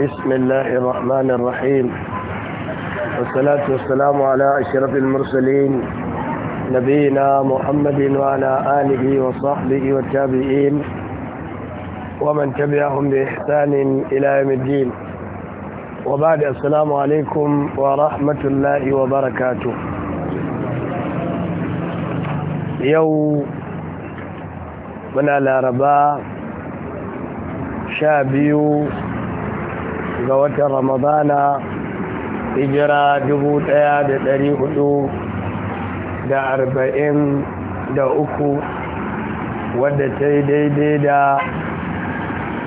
بسم الله الرحمن الرحيم والصلاة والسلام على أشرف المرسلين نبينا محمد وعلى آله وصحبه والتابعين ومن تبعهم بإحسان إلى يوم الدين وبعد السلام عليكم ورحمة الله وبركاته يو من رباه شابيو ga watan ramadana hijira dubu ɗaya da ɗari hudu da arba'in da uku wadda ta yi daidai da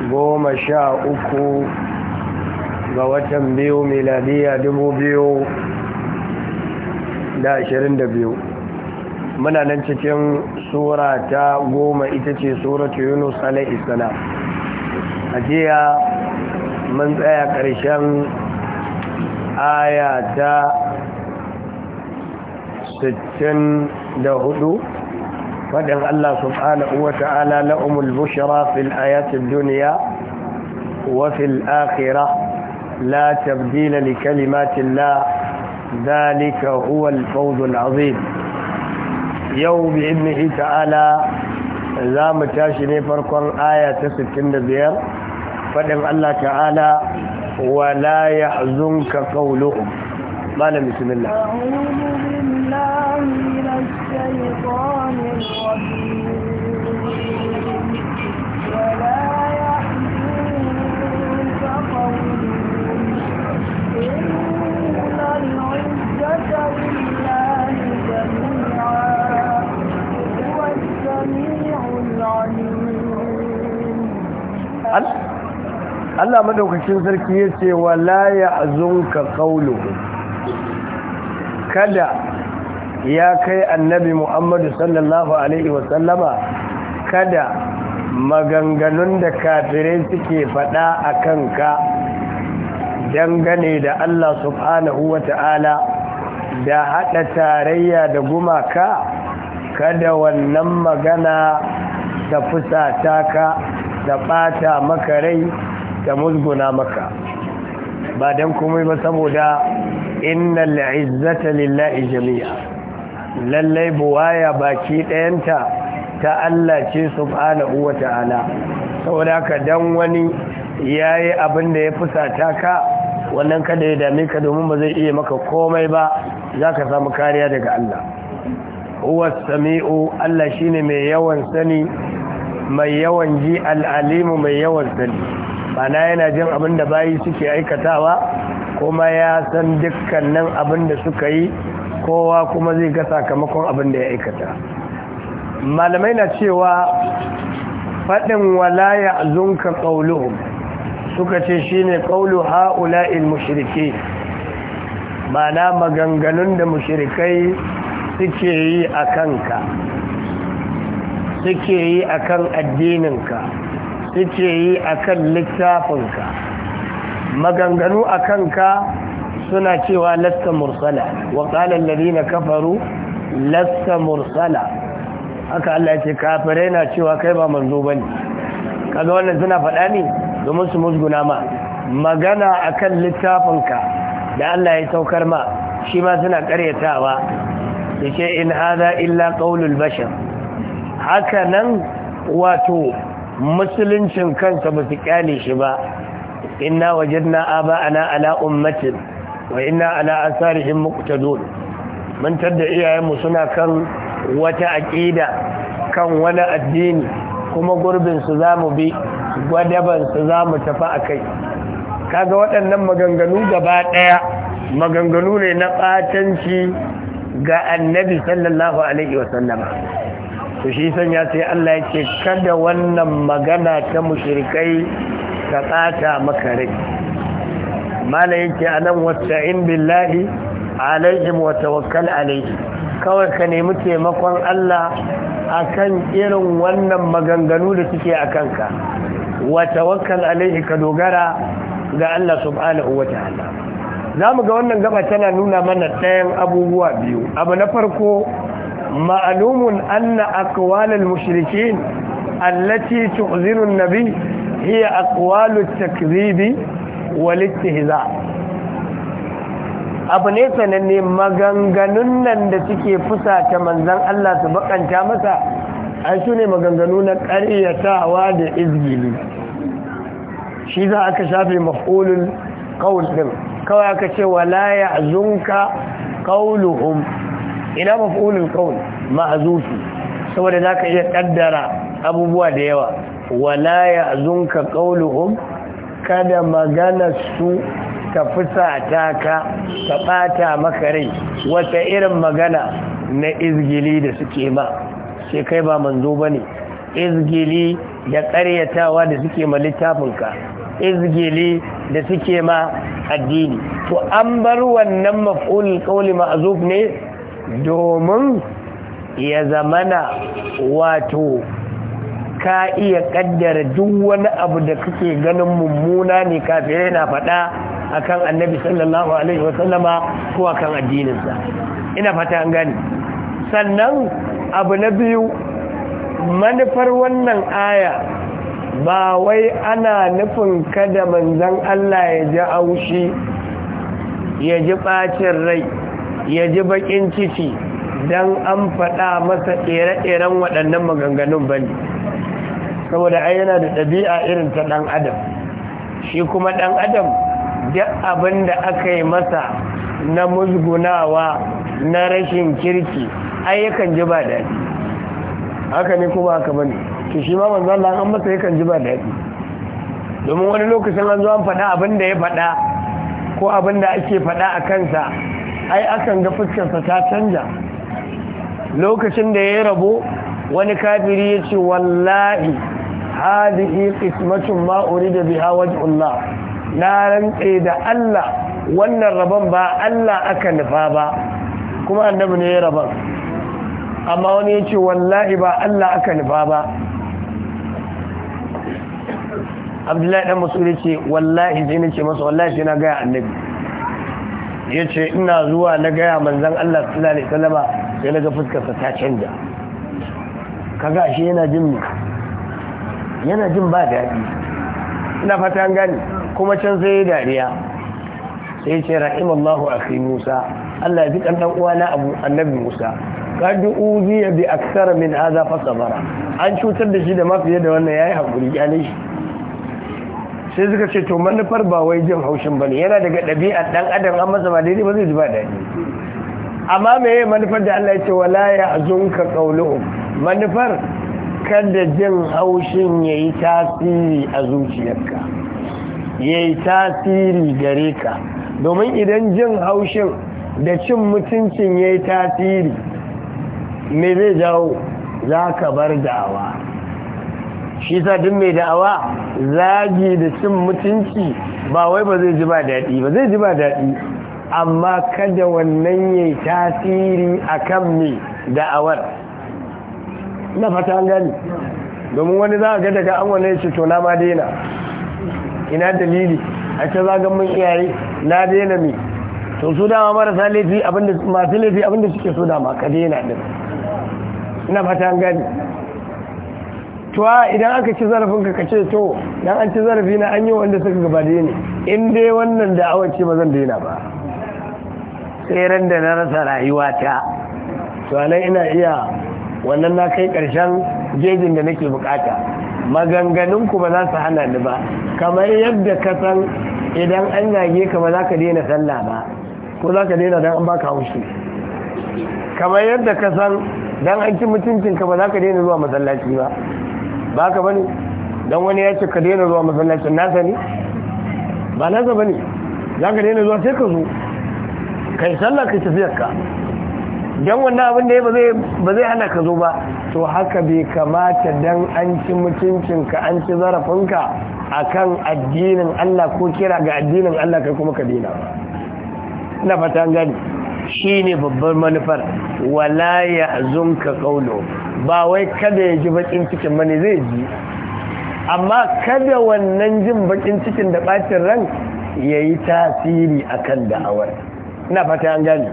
goma sha uku ga watan biyu miladiya dubu biyu da ashirin da biyu muna nan cikin surata goma ita ce suratu yunus alaihissalam a jiya من تأيى كريشان آياتا ستن دهدو فدن الله سبحانه وتعالى لأم البشرى في الآيات الدنيا وفي الآخرة لا تبديل لكلمات الله ذلك هو الفوز العظيم يوم بإذنه تعالى زام تاشني فرقا آية ستن دهدو faɗin Allah ta'ala wala yahzunka qawluhum قال بسم الله أعوذ بالله من الشيطان الرجيم ولا يحزنك قولهم إن العزة لله جميعا هو السميع العليم Allah madaukakin sarki ya ce wa la ya'zunka qawluhu kada ya kai annabi Muhammadu sallallahu alaihi wa sallama kada maganganun da kafirai suke faɗa a kanka dangane da Allah subhanahu wa ta'ala da haɗa tarayya da gumaka kada wannan magana ta fusata ka da ɓata maka rai ta musguna maka ba don komai ba saboda inna laizzata lillahi jami'a lallai buwaya baki ɗayanta ta Allah ce subhanahu wa ta'ala saboda ka dan wani yayi abin da ya fusata ka wannan kada ya dame ka domin ba zai iya maka komai ba zaka samu kariya daga Allah huwa sami'u Allah shine mai yawan sani mai yawan ji al'alimu mai yawan sani mana yana jin abin da bayi suke aikatawa kuma ya san dukkanin abin da suka yi kowa kuma zai ga sakamakon abin da ya aikata malamai na cewa faɗin walaya zunka ƙauluhum suka ce shine ƙaulu ha'ula'il mushriki mana maganganun da mushrikai suke yi a kanka suke yi a kan addininka suke yi a kan littafinka maganganu a kanka suna cewa lasta mursala wa kafaru lasta mursala haka Allah ce kafirai na cewa kai ba manzo ba ne kaga wannan suna faɗa ne domin su musguna ma magana a kan littafinka da Allah ya saukar ma shi ma suna ƙaryatawa da ce in haza illa ƙaunul bashar haka nan wato musuluncin kansa ba su kyale shi ba inna aba ana ala ummatin wa inna ala asarihim muqtadun mun da iyayenmu suna kan wata aqida kan wani addini kuma gurbin su zamu bi gwadaban su zamu tafi a akai kaga waɗannan maganganu gaba daya maganganu ne na ɓatanci ga annabi sallallahu alaihi wasallama to shi sanya sai Allah ya ce kada wannan magana ta mushrikai ta tsata maka rai mala yake anan wasta'in billahi alaihim wa tawakkal alaihi kawai ka nemi taimakon Allah akan irin wannan maganganu da suke a kanka wa tawakkal alaihi ka dogara ga Allah subhanahu wa ta'ala za mu ga wannan gaba tana nuna mana ɗayan abubuwa biyu abu na farko معلوم أن أقوال المشركين التي تؤذن النبي هي أقوال التكذيب والاستهزاء abu ne sananne maganganun nan da suke fusata manzan Allah su bakanta masa ai su ne maganganu na ƙaryatawa da izgili shi za aka shafe maf'ulul qaul din kawai aka ce wala ya'zunka qauluhum ina maf'ulin qawl ma'zufu saboda za ka iya kaddara abubuwa da yawa wala ka qawluhum kada magana su ta sata ka ta bata makarai rai wata irin magana na izgili da suke ma sai kai ba manzo ne izgili da karyatawa da suke ma littafinka izgili da suke ma addini to an bar wannan maf'ulin qawli ma'zuf ne domin ya zamana wato ka iya kaddara duk wani abu da kake ganin mummuna ne kafin yana faɗa akan annabi sallallahu alaihi wasallama ko akan addininsa ina fata an gani sannan abu na biyu manufar wannan aya ba wai ana nufin kada manzan Allah ya ji aushi ya ji ɓacin rai ya ji bakin ciki don an faɗa masa ɗere-ɗeren waɗannan maganganun ba ne saboda ai yana da ɗabi'a irin ta ɗan adam shi kuma ɗan adam duk abin da aka yi masa na musgunawa na rashin kirki ai yakan ji ba daɗi haka ne kuma haka bane to shi ma manzo lan an masa yakan ji ba daɗi domin wani lokacin an zo an faɗa abin da ya faɗa ko abin da ake faɗa a kansa ai akan ga fuskarsa ta canja lokacin da ya rabo wani kafiri ya ce wallahi hadihi qismatun ma urida biha wajhullah na rantse da Allah wannan rabon ba Allah aka nufa ba kuma annabi ne ya rabon amma wani ya ce wallahi ba Allah aka nufa ba abdullahi dan masu ce wallahi sai na ce masa wallahi sai na gaya annabi ya ce ina zuwa na gaya manzan Allah su lalai Salama sai na ga fuskarsa ta canja kaga shi yana jin yana jin ba daɗi ina fatan gani kuma can sai dariya sai ce rahimallahu fi Musa Allah ya ji kan uwa na Abu Annabi Musa qad ya bi akthar min haza fa an cutar da shi da mafiye da wannan yayi hakuri kyale shi sai suka ce to manufar ba wai jin haushin ne yana daga ɗabi'ar ɗan adam an masa ba daidai ba zai ji ba daɗi amma me yi manufar da Allah ya ce wala ya azunka qawluhum manufar kada jin haushin yayi tasiri a zuciyarka yayi tasiri gare ka domin idan jin haushin da cin mutuncin yayi tasiri me zai jawo za ka bar dawa. shi sa duk mai da'awa zagi da cin mutunci ba wai ba zai ji ba daɗi ba zai ji ba daɗi amma kada wannan yayi tasiri akan mai da'awar na fata an gani domin wani za a ga daga an wane ce to na ma daina ina dalili a ce za mun iyaye na daina mai to su dama marasa laifi abinda masu laifi abinda suke so dama ka daina din ina fata an gani tuwa idan aka ci zarafin ka kace to dan an ci zarafi na an yi wanda suka gaba da in dai wannan da awan ce ba zan daina ba sai ran da na rasa rayuwata to anan ina iya wannan na kai karshen jejin da nake bukata maganganun ku ba za su hana ni ba kamar yadda ka san idan an yage ka ba za ka daina sallah ba ko za ka daina dan an baka haushi kamar yadda ka san dan an ci mutuncin ka ba za ka daina zuwa masallaci ba ba ka bane dan wani ya ce ka daina zuwa masallacin nasa ne ba nasa bane za ka daina zuwa sai ka zo kai sallah kai tafiyar ka dan wannan abin da ya ba zai hana ka zo ba to haka bai kamata dan an ci mutuncinka an ci zarafinka akan addinin Allah ko kira ga addinin Allah kai kuma ka daina ba ina fata gani Shi ne babbar manufar wala ya ka qawlu ba wai kada ya ji bakin cikin mani zai ji amma kada wannan jin bakin cikin da bacin ran yi tasiri a kan da'awar na fata an gane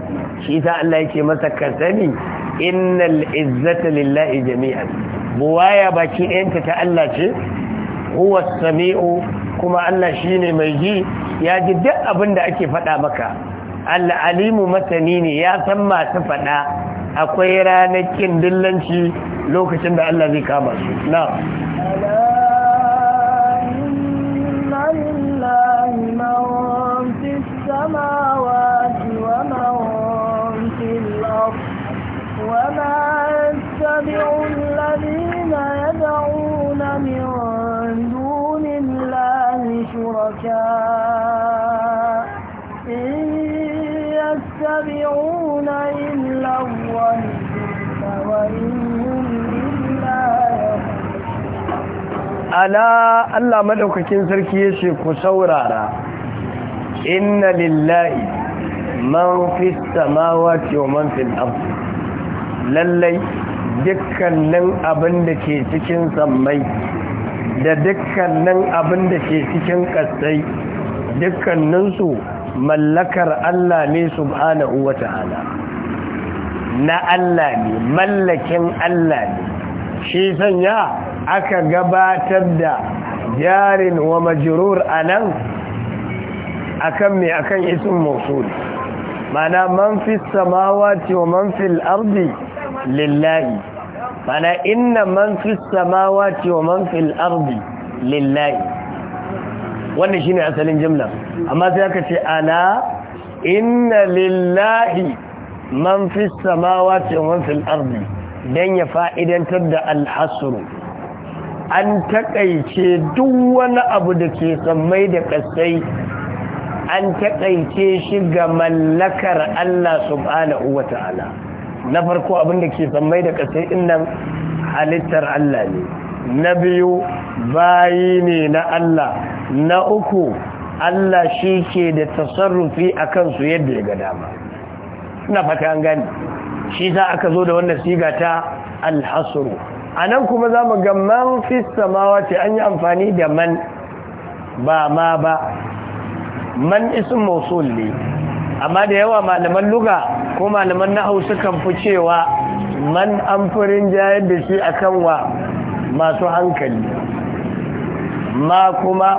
shi ta Allah yake masa kasani innal izzata lillahi jami'an buwaya baki ɗayanta ta Allah ce huwa sami'u kuma Allah shine mai ji ya ji duk abin da ake faɗa maka al'alimu masani ne ya san masu faɗa akwai ranakin dillanci lokacin da Allah zai kama su na وما يدعون من دون الله شركاء يتبعون إلا الظن وإنهم إلا ألا الله مدوكين سركي يشي كسورارا إن لله من في السماوات ومن في الأرض lallai dukkanin abin da ke cikin sammai da dukkanin abin da ke cikin ƙasai su mallakar Allah ne subhanahu wa ta'ala na Allah ne mallakin Allah ne shi sanya aka gabatar da jarin wa majrur anan akan me akan ism mawsul mana man fi samawati wa man fil ardi lillahi mana inna man fi samawati wa man fil ardi lillahi wannan shine asalin jimla amma sai aka ce ala inna lillahi man fi samawa wa man fil dan ya fa'idantar da al'asuru an taƙaice duk wani abu da ke sammai da kasai an taƙaice shi ga mallakar Allah subhanahu wa ta'ala na farko abinda ke sammai da kasai innan halittar Allah ne na biyu bayi ne na Allah na uku Allah shi ke da tasarrufi a kansu yadda ya ga dama suna fata an gani shi za aka zo da wannan siga ta alhasuru a nan kuma za mu ga man fista samawa ce an yi amfani da man ba ma ba man isin mausul ne amma da yawa malaman luga ko malaman na hausa kan fi cewa man an firin jayar da shi akan wa masu hankali ma kuma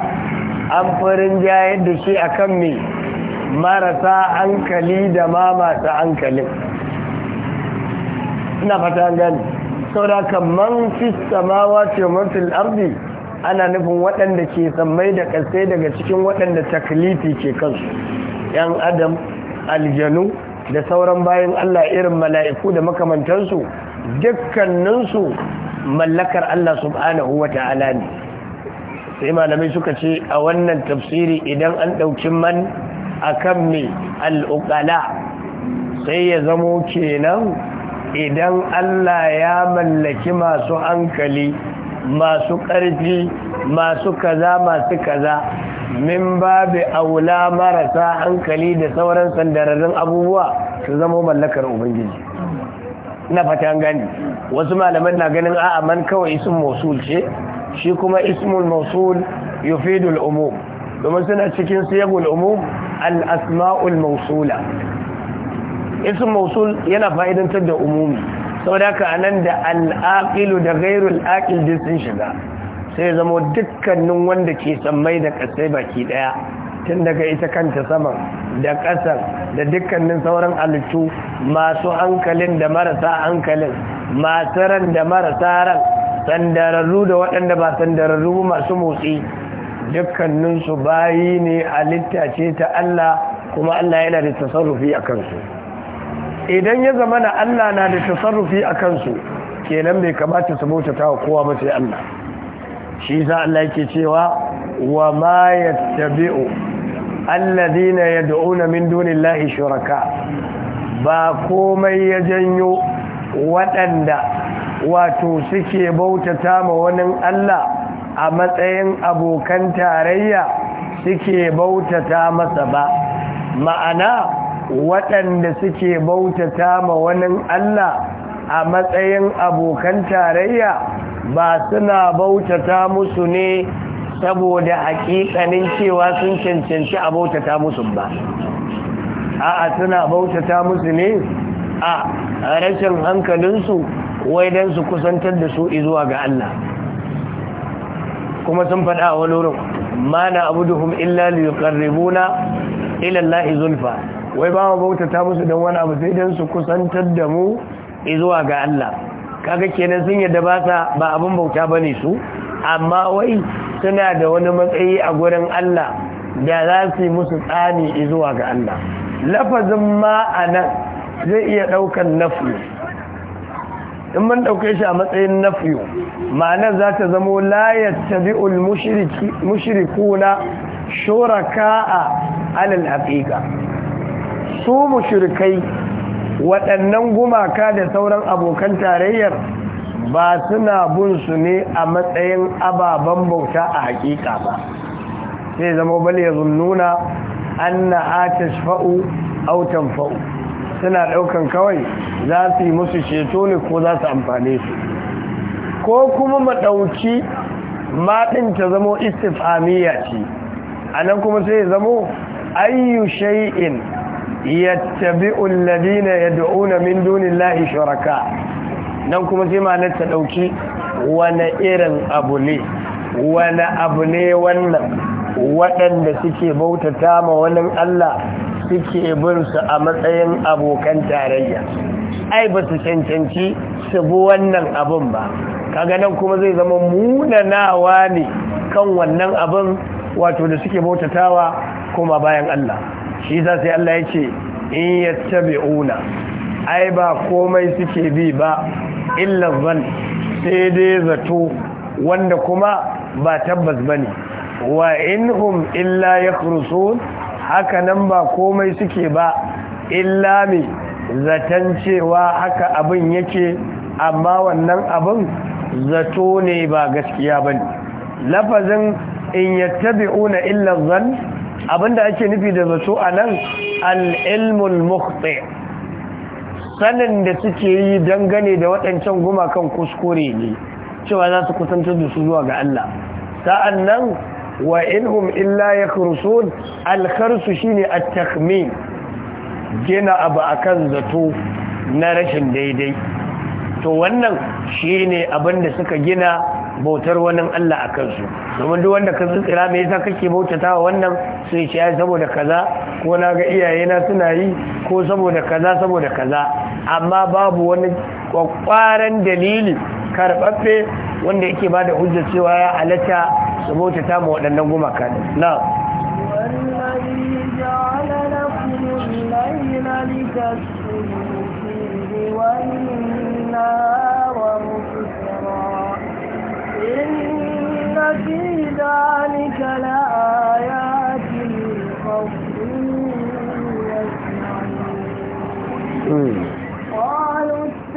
an farin jayen da shi akan mai marasa hankali da ma masu hankalin ina fata gani saboda kamar fi samawa ce mafi arzi ana nufin waɗanda ke samai da ƙasai daga cikin waɗanda taklifi ke kansu yan adam aljanu da sauran bayan allah irin mala'iku da makamantansu dukkaninsu mallakar allah subhanahu wa ta'ala ne sai malamai suka ce a wannan tafsiri idan an ɗauki man kan mai al'ukala sai ya zamo kenan idan Allah ya mallaki masu hankali masu ƙarfi masu kaza masu kaza min babu aula marasa hankali da sauran sandararin abubuwa su zamo mallakar ubangiji na fata gani wasu malaman na ganin a'a man kawai sun mosul ce shi kuma ismul mausul yufidu al'umum domin suna cikin siyagul umum Al'Asma'ul mausula ism mausul yana fa'idantar da umumi Sau da ka anan da al'aƙilu da gairul al'aƙil sun shiga sai zama dukkanin wanda ke sammai da kasai baki ɗaya. tun daga ita kanta saman da ƙasar da dukkanin sauran halittu masu hankalin da marasa hankalin masu ran da marasa ran sandararru da waɗanda ba sandararru masu motsi dukkaninsu bayi ne a littace ta Allah kuma Allah yana da tasarrufi a kansu idan ya zama na Allah na da tasarrufi a kansu kenan bai kamata su bautata wa kowa ba sai Allah shi sa Allah yake cewa wa ma yattabi'u alladhina yad'una min dunillahi shuraka ba komai ya janyo waɗanda wato suke bautata ma wani Allah a matsayin abokan tarayya suke bautata masa ba ma'ana waɗanda suke bautata ma wani Allah a matsayin abokan tarayya ba suna bautata musu ne saboda hakikanin cewa sun cancanci a bautata musu ba a'a suna bautata musu ne a rashin hankalinsu wai don su kusantar da su zuwa ga Allah kuma sun faɗa a wani wurin ma na abuduhum illa li yuqarribuna ila zulfa wai ba mu ta musu don wani abu sai don su kusantar da mu zuwa ga Allah kaga kenan sun yadda ba sa ba abin bauta bane su amma wai suna da wani matsayi a gurin Allah da za su musu tsani zuwa ga Allah lafazin maana zai iya ɗaukar nafi in mun ɗauke shi a matsayin nafiyu ma'anar za ta zamo layar tabi'ul mushirikuna shuraka a alal haƙiƙa su mushirikai waɗannan gumaka da sauran abokan tarayyar ba suna bun su ne a matsayin ababen bauta a haƙiƙa ba sai zama bal ya zunnuna an na a tashfa'u autan fa'u suna daukan kawai za su yi musu ceto ne ko za su amfane su ko kuma maɗauki maɗin ta zamo istifamiya ce a nan kuma sai ya zamo ayyu shay'in yattabi'u alladhina yad'una min dunillahi shuraka nan kuma sai ma ta ɗauki wani irin abu ne wani abu ne wannan waɗanda suke bautata ma wani Allah suke bin su a matsayin abokan tarayya ai ba su cancanci su bi wannan abin ba kaga nan kuma zai zama munanawa ne kan wannan abin wato da suke bautatawa kuma bayan Allah shi za sai Allah ya ce in yattabi'una ai ba komai suke bi ba illa zan sai dai zato wanda kuma ba tabbas bane wa inhum illa yakhrusun haka nan ba komai suke ba illa mai zaton cewa haka abin yake amma wannan abin zato ne ba gaskiya ba ne lafazin in yattabi'una illa zan abinda ake nufi da zato a nan al'ilmul mukhti sanin da suke yi dangane da waɗancan gumakan kuskure ne cewa za su kusantar da su zuwa ga Allah sa'an nan wa inhum illa yakhrusun alkarsu shine at-takhmin gina abu akan zato na rashin daidai to wannan shine abin da suka gina bautar wannan Allah akan su domin duk wanda ka tsira me yasa kake bautata wa wannan sai ce ai saboda kaza ko na ga na suna yi ko saboda kaza saboda kaza amma babu wani kwakwaran dalili karɓaɓɓe wanda yake ba da hujjar cewa ya halatta su bauta ta mu waɗannan gumaka ne na إن في ذلك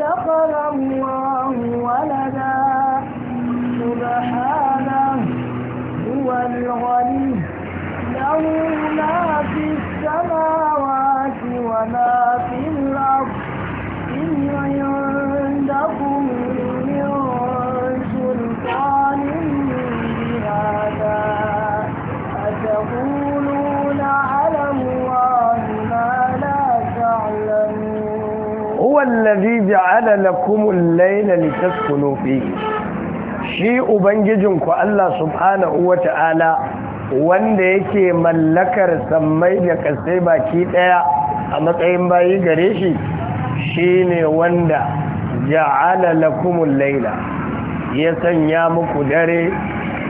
دخل الله ولا lakumul laila litaskunu fihi shi ubangijinku Allah subhanahu wata'ala wanda yake mallakar sammai da kasai baki daya a matsayin bayi gare shi shine wanda ja'ala al laila ya sanya muku dare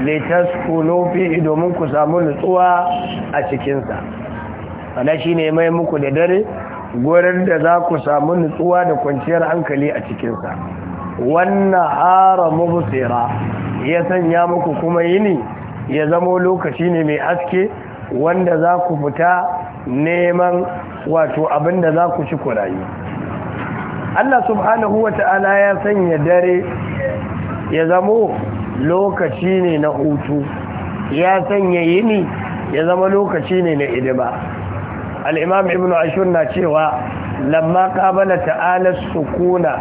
litaskunu fihi domin ku samu nutsuwa a cikin sa wannan shine mai muku da dare gurin da za ku samu nutsuwa da kwanciyar hankali a cikinsa wannan hara tsira ya sanya muku kuma yini ya zamo lokaci ne mai aske wanda za ku fita neman wato abin da za ku ci kurayi Allah subhanahu wa ta'ala ya sanya dare ya zamo lokaci ne na hutu ya sanya yini ya zama lokaci ne na idima al'imam ibn ashur na cewa lamma kabala ta'ala sukuna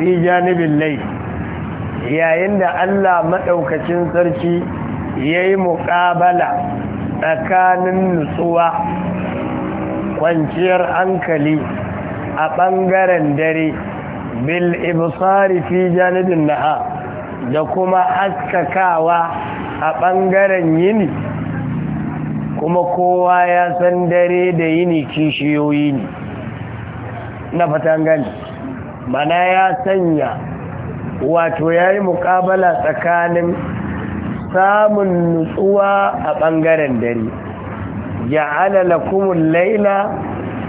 fi janibin lai yayin da allah maɗaukacin sarki ya yi muƙabala tsakanin nutsuwa kwanciyar hankali a ɓangaren dare bil ibsari fi janibin na'a da kuma haskakawa a ɓangaren yini kuma kowa ya san dare da yini kishiyoyi ne na fatan gani mana ya sanya wato ya yi mukabala tsakanin samun nutsuwa a ɓangaren dare ya alala kumun laila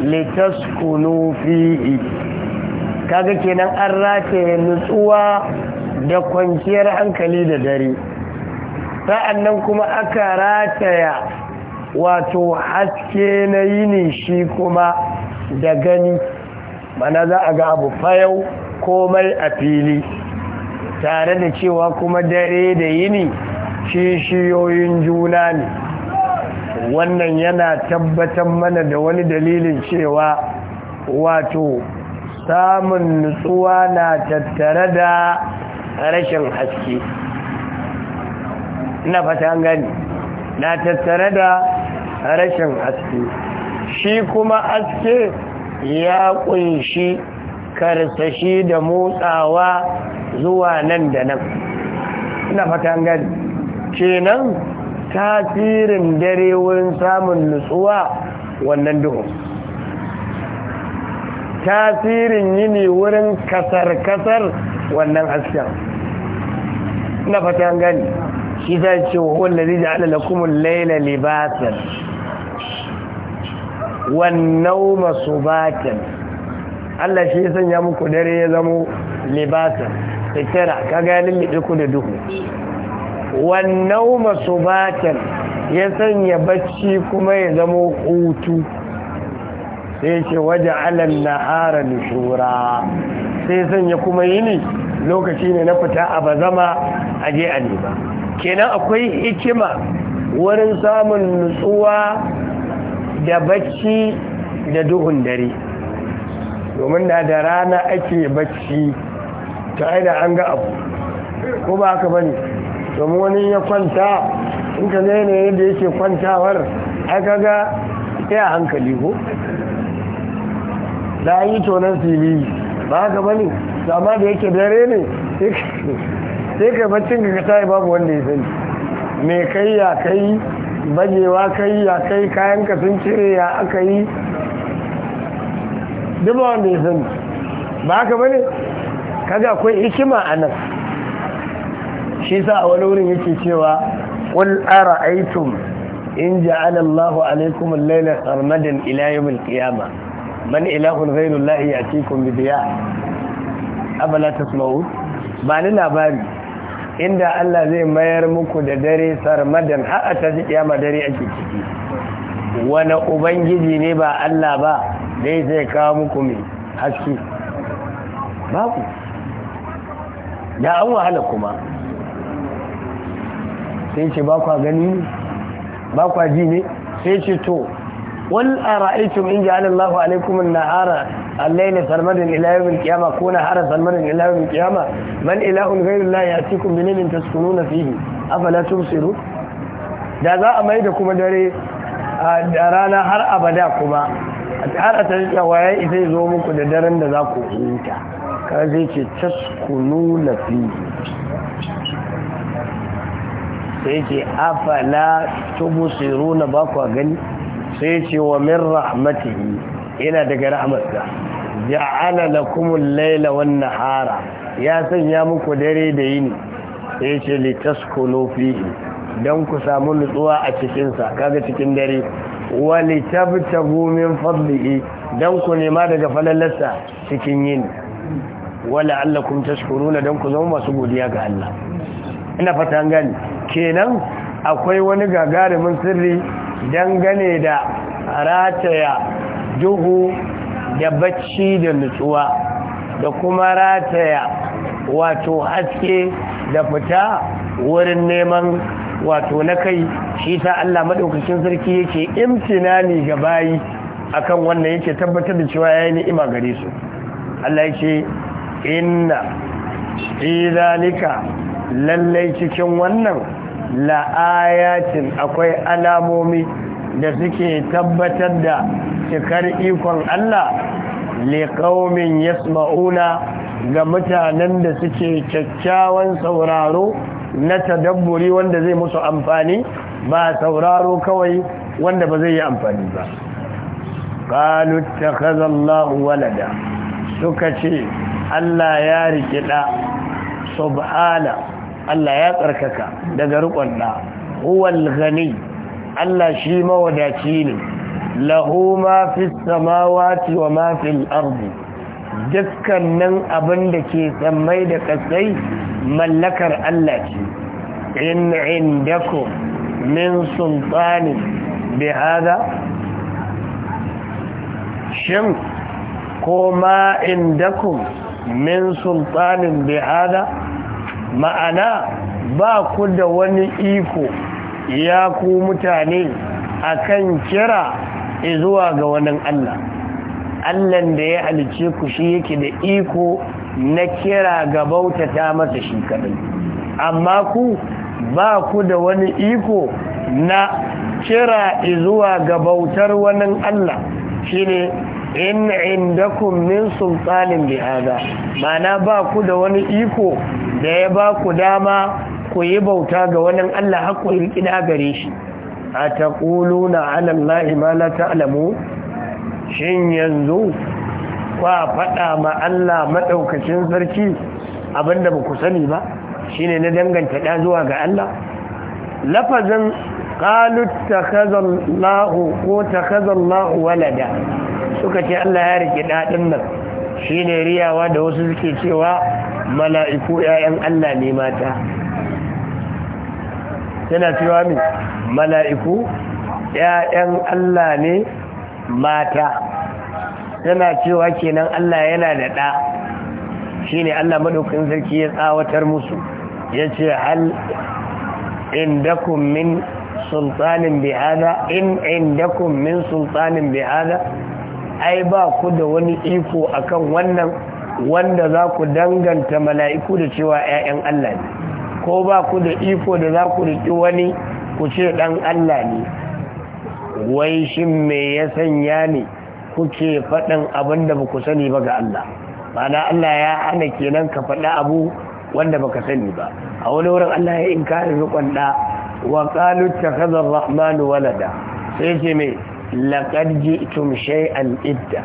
litaskunu fi'i kaga kenan an rataye nutsuwa da kwanciyar hankali da dare sa'annan kuma aka rataya wato haske na yi ne shi kuma da gani mana za a ga abu fayau komai a fili tare da cewa kuma dare da yini kishiyoyin juna ne wannan yana tabbatar mana da wani dalilin cewa wato samun nutsuwa na tattare da rashin haske na fata gani na tattare da rashin aske shi kuma aske ya kunshi karsashi da motsawa zuwa nan da nan ina fatan gani kenan tasirin dare wurin samun nutsuwa wannan duhu tasirin yini wurin kasar-kasar wannan hasken na fatan gani shi ta ce wa zai ja'ala lakum al-layla libatan wannan masu subatan Allah shi ya sanya muku dare ya zamo da fitara ka gani lullube ku da duhu wannan masu subatan ya sanya bacci kuma ya zama hutu sai ce waje ara da shura sai sanya kuma yini lokaci ne na fita a bazama a je a nema kenan akwai hikima wurin samun nutsuwa da bacci da duhun dare domin na da rana ake bacci ta aida an ga abu ko ba haka bane domin wani ya kwanta in ka ne ne yadda yake kwantawar aka ga ya hankali ko da yi tonan TV. ba haka bane amma da yake dare ne sai ka kai baccin ka tayi babu wanda ya sani me kai ya kai bajewa kai ya kai kayan ka sun cire ya aka yi duk wanda ya sani ba haka bane kaga akwai hikima a nan shi sa a wani wurin yake cewa qul ara'aytum in ja'ala Allahu alaykum al-layla sarmadan ila yawm al qiyama man ilahun ghayru Allah ya'tikum bi diya abala tasma'u ba ni labari inda Allah zai mayar muku da dare sarmadan har a jiya kiyama dare ake ciki wani ubangiji ne ba Allah ba dai zai kawo muku mai haske babu da an wahala kuma sai ce ba kwa gani ne ba kwa ji ne sai ce to wal ara'aytum in ja'ala Allahu alaykum an-nahara al-layla sarmadan ila yawm al-qiyamah kuna hara sarmadan ila yawm al-qiyamah man ilahun ghayru Allah ya'tikum bi laylin taskununa fihi afala tubsiru da za a maida kuma dare da rana har abada kuma har a tarika waye zai zo muku da daren da za ku huta ka zai ce taskunu taskununa fihi sai ce afala na ba ku gani sai ce wa min rahmatihi ina daga rahmatsa ja'ala lakum kuma laila wan nahara ya sanya muku dare da yini sai ce litaskunu fihi dan ku samu nutsuwa a cikin kaga cikin dare wa litabtagu min fadlihi dan ku nema daga falalarsa cikin yini wala allakum tashkuruna dan ku zama masu godiya ga Allah ina fata gani kenan akwai wani gagarumin sirri dangane da rataya duhu da bacci da nutsuwa da kuma rataya wato haske da fita wurin neman wato na kai shi ta Allah maɗaukacin sarki yake ni ga bayi akan wannan yake tabbatar da cewa yayi ni'ima gare su Allah yake inna fi lallai cikin wannan la'ayatin akwai alamomi da suke tabbatar da cikar ikon Allah liƙaumin yasma'una ga mutanen da suke kyakkyawan sauraro na tadabburi wanda zai musu amfani ba sauraro kawai wanda ba zai yi amfani ba qalu takhazallahu walada suka ce Allah ya rikida subhana Allah ya tsarkaka daga rukun ɗa. huwal gani Allah shi mawadaci ne lahu ma fi samawati wa ma fil ardi dukkanin abin da ke tsammai da kasai mallakar Allah ce in indakum min sultani bi hada shin ko ma indakum min sultanin bi hada ma'ana ba ku da wani iko ya ku mutane akan kira zuwa ga wani Allah Allahn da ya halice ku shi yake da iko na kira ga bautata masa shi kadai amma ku ba ku da wani iko na kira zuwa ga bautar wani Allah shine in indakum min sultanin hada mana ba ku da wani iko da ya ba ku dama ku yi bauta ga wani Allah haku ilkina gare shi a taquluna ala allahi ma la ta'lamu shin yanzu kwa faɗa ma Allah maɗaukacin sarki abinda ba ku sani ba shine na danganta ɗa zuwa ga Allah lafazin qalu takazallahu ko takazallahu walada suka ce Allah ya rike dadin nan shine riyawa da wasu suke cewa mala'iku ƴaƴan Allah ne mata yana cewa mi mala'iku ƴaƴan Allah ne mata yana cewa kenan Allah yana da ɗa shine Allah madaukakin sarki ya tsawatar musu yace hal indakum min sultanin bi hada in indakum min sultanin bi hada ai ba ku da wani iko akan wannan wanda za ku danganta mala'iku da cewa ‘ya'yan Allah ne ko ba ku da iko da za ku riki wani ku ce dan Allah ne wai shin me ya sanya ne kuke faɗin abin da ba ku sani ba ga Allah mana Allah ya hana kenan ka faɗa abu wanda baka sani ba a wani wurin Allah ya inkari rukun ɗa wa qalu takhadha ar-rahman sai ce me laqad ji'tum shay'an idda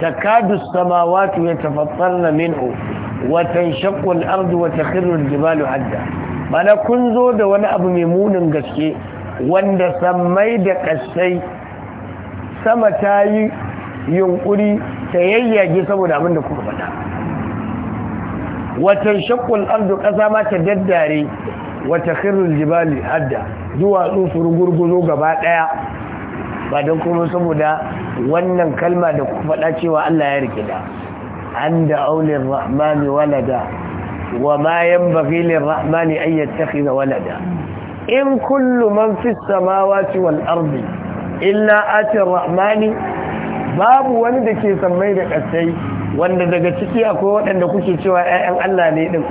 takadu as-samawati yatafattarna minhu wa tanshaqqu al-ardu hadda mana kun zo da wani abu mai munin gaske wanda sammai da kasai sama ta yi yunkuri ta yayyage saboda abin da kuka faɗa watan shakkun ƙasa ma ta daddare wata khirrul jibali hadda duwatsu su rugurguzo gaba daya ba don kuma saboda wannan kalma da kuma faɗa cewa Allah ya rike da an da aulin rahmani walada wa ma yanbaghi lirrahmani an yattakhidha walada in kullu man fis samawati wal ardi illa ati rahmani babu wani da ke sammai da kasai wanda daga ciki akwai waɗanda kuke cewa 'ya'yan Allah ne ɗin.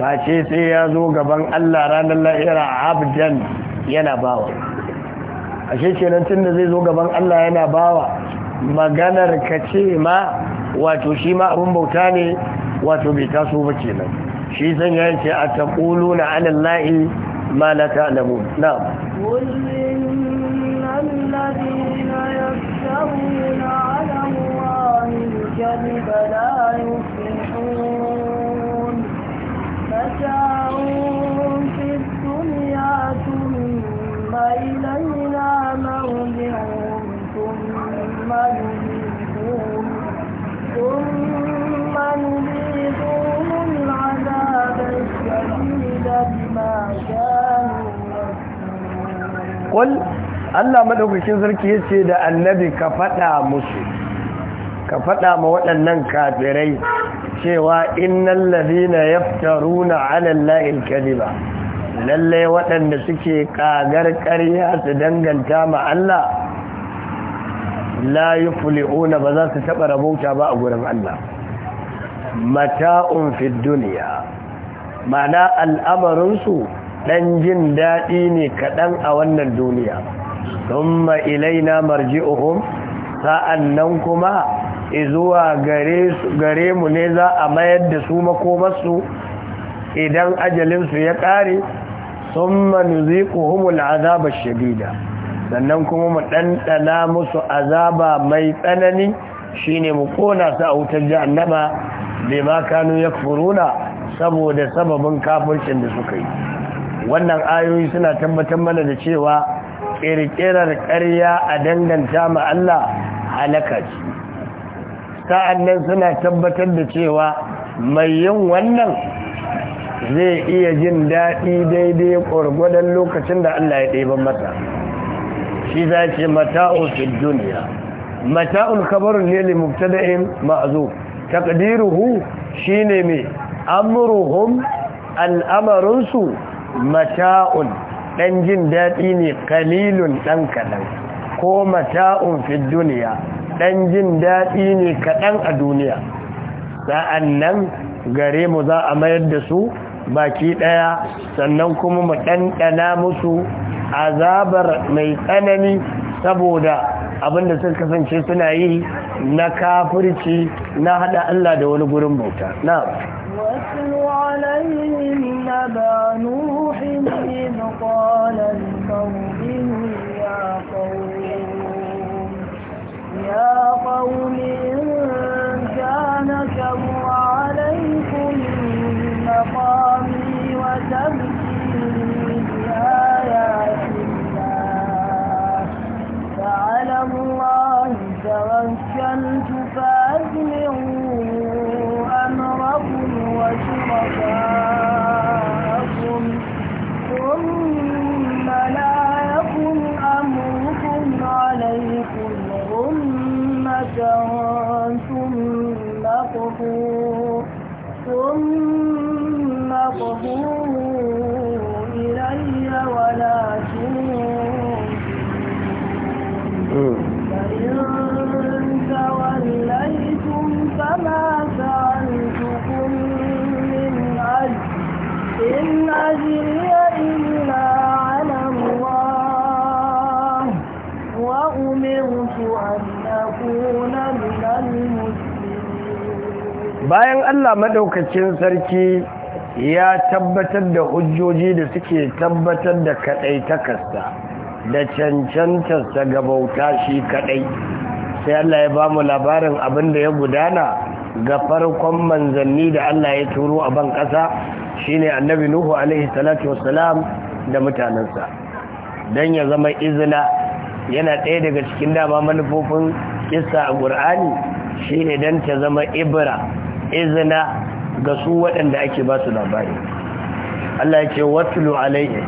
face sai ya zo gaban Allah ranar lahira abdan yana bawa ashe kenan tunda zai zo gaban Allah yana bawa maganar ka ce ma wato shi ma abun bauta ne wato bai taso ba kenan shi zan ya ce a taquluna ala allahi ma la ta'lamun na'am qul إلينا مرجعهم ثم نذيقهم ثم نذيقهم العذاب الشديد بما كانوا قل Allah madaukakin sarki yace da annabi ka fada musu ka fada ma waɗannan kafirai cewa innal ladina yaftaruna 'ala allahi lallai waɗanda suke ƙagar ƙarya su danganta ma Allah la yi fuli'una ba za su taɓa rabauta ba a gurin Allah mata'un fi duniya mana al'amarinsu ɗan jin daɗi ne kaɗan a wannan duniya sun ilaina marji'uhum sa'an nan kuma izuwa gare mu ne za a mayar da su makomarsu idan ajalinsu ya ƙare thumma nuziquhumul azaba shadida sannan kuma mu ɗanɗana musu azaba mai tsanani shine mu kona su a wutar jahannama bima kanu yakfuruna saboda sababin kafircin da suka yi wannan ayoyi suna tabbatar mana da cewa ƙirƙirar ƙarya a danganta ma Allah halaka ce sa'annan suna tabbatar da cewa mai yin wannan zai iya jin daɗi daidai ƙwargwadon lokacin da Allah ya ɗaiban mata shi za ce mata'u fi duniya mata'ul kabarun ne li mubtada'in Takadiruhu taqdiruhu shine me amruhum al'amarinsu mata'un ɗan jin daɗi ne kalilun ɗan kaɗan ko mata'un fi duniya ɗan jin daɗi ne kaɗan a duniya sa'an nan gare mu za a mayar da su baki daya sannan kuma mu ɗanɗana musu azabar mai tsanani saboda abinda sun kasance suna yi na kafirci na hada Allah da wani gurin bauta na wasu alayhim na ba nuhin idu kwanan mawuyin ya kawo ya kawo ne yana استقامي وتمكيني الله فعلى الله توكلت فأجمعوا أمركم وشركاءكم ثم لا يكن أمركم عليكم غمة ثم قضوا ثم bayan Allah madaukakin sarki ya tabbatar da hujjoji da suke tabbatar da kadai takasta da cancantarsa ga bauta shi kadai sai Allah ya bamu labarin abin da ya gudana ga farkon manzanni da Allah ya turo a ban ƙasa shine annabi nuhu alaihi salatu wassalam da mutanensa Dan ya zama izina yana ɗaya daga cikin dama manufofin kissa a ƙur'ani shine don ta zama ibra izina ga su waɗanda ake ba su labari Allah ya ce watulu alaihi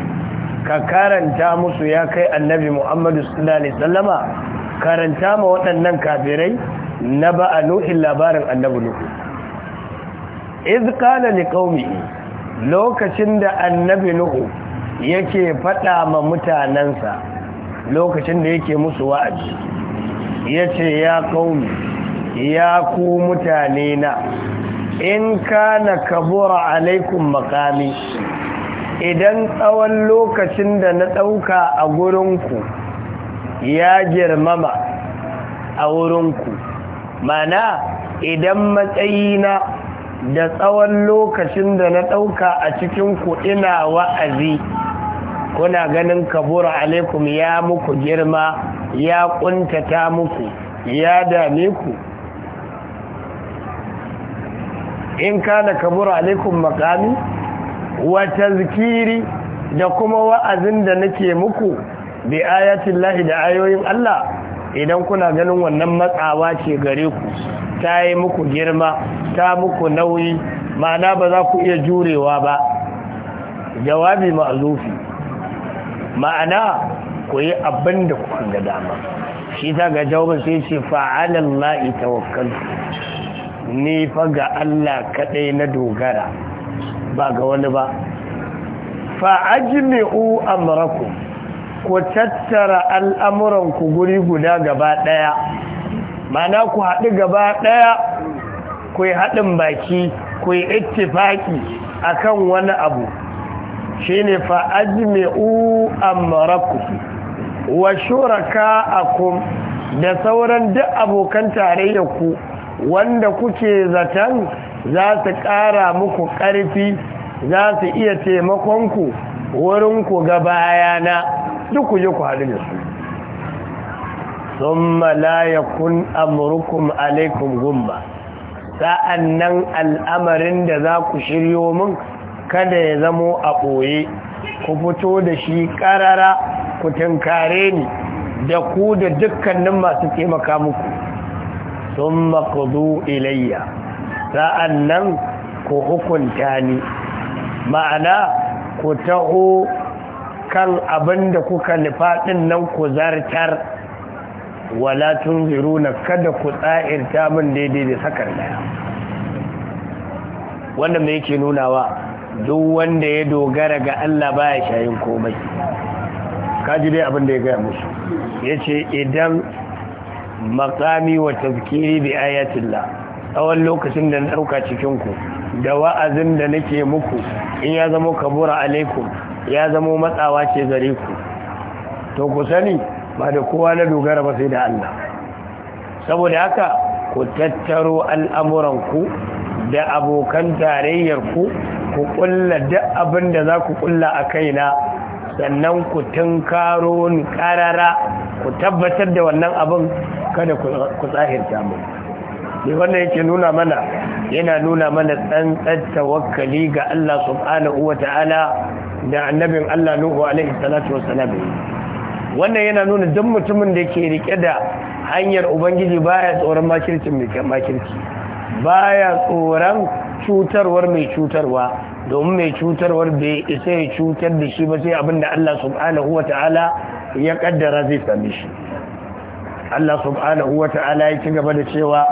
ka karanta musu ya kai annabi muhammadu sallallahu sallama karanta ma waɗannan kafirai na ba a nuhin labarin annabi nuhu iz qala liqaumihi lokacin da annabi nuhu yake faɗa ma mutanensa lokacin da yake musu wa'azi ya ce ya kauni ya ku mutane na in kana kabura alaikum makami idan tsawon lokacin da na ɗauka a gurinku ya girmama a wurinku mana idan matsayina da tsawon lokacin da na ɗauka a cikin ku ina wa'azi kuna ganin kabura alaikum ya muku girma ya ƙuntata muku ya dame ku in kana kabura alaikum makami wa tazkiri da kuma wa'azin da nake muku bi ayatin lahi da ayoyin Allah idan kuna ganin wannan matsawa ce gare ku ta yi muku girma ta muku nauyi ma'ana ba za ku iya jurewa ba jawabi ma'azufi ma'ana ku yi abin da kan ga dama shi ta ga jawabin sai ce fa'alan la'i tawakkalu ni fa ga Allah kaɗai na dogara ba ga wani ba u amrakum ku tattara al'amuranku guri guda gaba ɗaya mana ku haɗu gaba ɗaya ku yi haɗin baki ku yi ittifaki kan wani abu shi ne fa'ajmi'u maraku wa shuraka kun da sauran duk abokan ku wanda kuke zaton za su ƙara muku ƙarfi za su iya taimakonku wurinku ga bayana duk ku ku haɗu da su ثم لا يكن أمركم عليكم غمّة sa'annan al'amarin da za ku shiryo min kada ya zamo a ɓoye ku fito da shi ƙarara ku tunkare ni da ku da dukkanin masu taimaka muku sun makudu ilayya sa'annan ku hukunta ni ma'ana ku taho kan abin da kuka nufa nan ku zartar wala tun na kada ku tsa'irta min daidai da sakar daya wanda mai yake nunawa duk wanda ya dogara ga Allah baya shayin komai kaji dai abin da ya gaya musu Ya ce, idan makami wa Tafkiri bi ayatillah tsawon lokacin da na ɗauka cikinku, da wa'azin da nake muku in ya zama kabura alaikum ya zama matsawa ce gare ku to ku sani ba da kowa na dogara ba sai da Allah saboda haka ku tattaro al'amuranku da abokan tarayyarku ku kulla duk abin da za ku kulla a kaina sannan ku tunkaro ni karara ku tabbatar da wannan abin kada ku tsahirta mu ne wannan yake nuna mana yana nuna mana tsantsar tawakkali ga Allah subhanahu Ta'ala da annabin Allah Nuhu alaihi salatu wassalam wannan yana nuna duk mutumin da ke rike da hanyar ubangiji baya tsoron makircin mai makirci baya tsoron cutarwar mai cutarwa domin mai cutarwar bai isa ya cutar da shi ba sai abin da Allah subhanahu wa ta'ala ya kaddara zai same shi Allah subhanahu wa ta'ala ya ci gaba da cewa